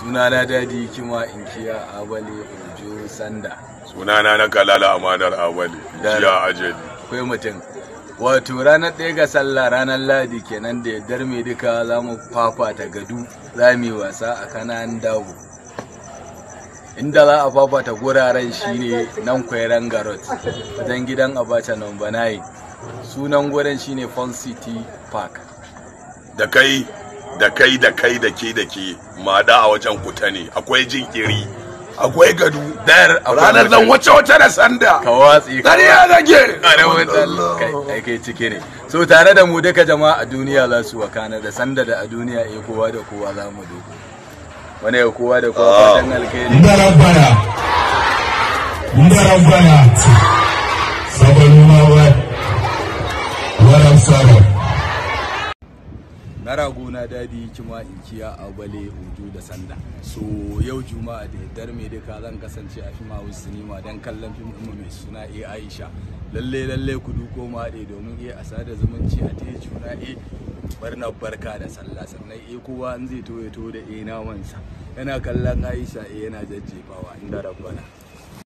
sunana dadi kima inkiya abale ojo sanda sunana na kalala amanar abale kiya ajali akwai mutum wato ranar ɗaya ga sallah ranar ladi kenan da yaddar mai duka za mu fafata gadu za mu yi wasa a kanan dago inda za a fafata guraren shine nan kwairan garot wajen gidan abacha number 9 sunan gurin shine fun city park da kai da kai da kai da ke da ke mada a wajen kuta ne akwai kiri akwai gadu dayar ranar zan wace wace da sanda ka watsi ka ya rage kai kai cike ne so tare da mu duka jama'a a duniya za su na da sanda da a duniya e kowa da kowa za mu duka wani ya kowa da kowa ah. fatan alkhairi barabara bana. sabon ma wa waram sabon ara gona dadi kima inkiya a bale udu da sanda so yau juma'a da dar me duka zan kasance a fim house sinima dan kallon fim ɗin mai suna a aisha lalle lalle ku duko ma ɗe domin iya a sada zumunci a ta juna e barna barka da sallah sannan e kowa an zai toye to da na namansa yana kallon aisha e yana jajjefawa inda rabbana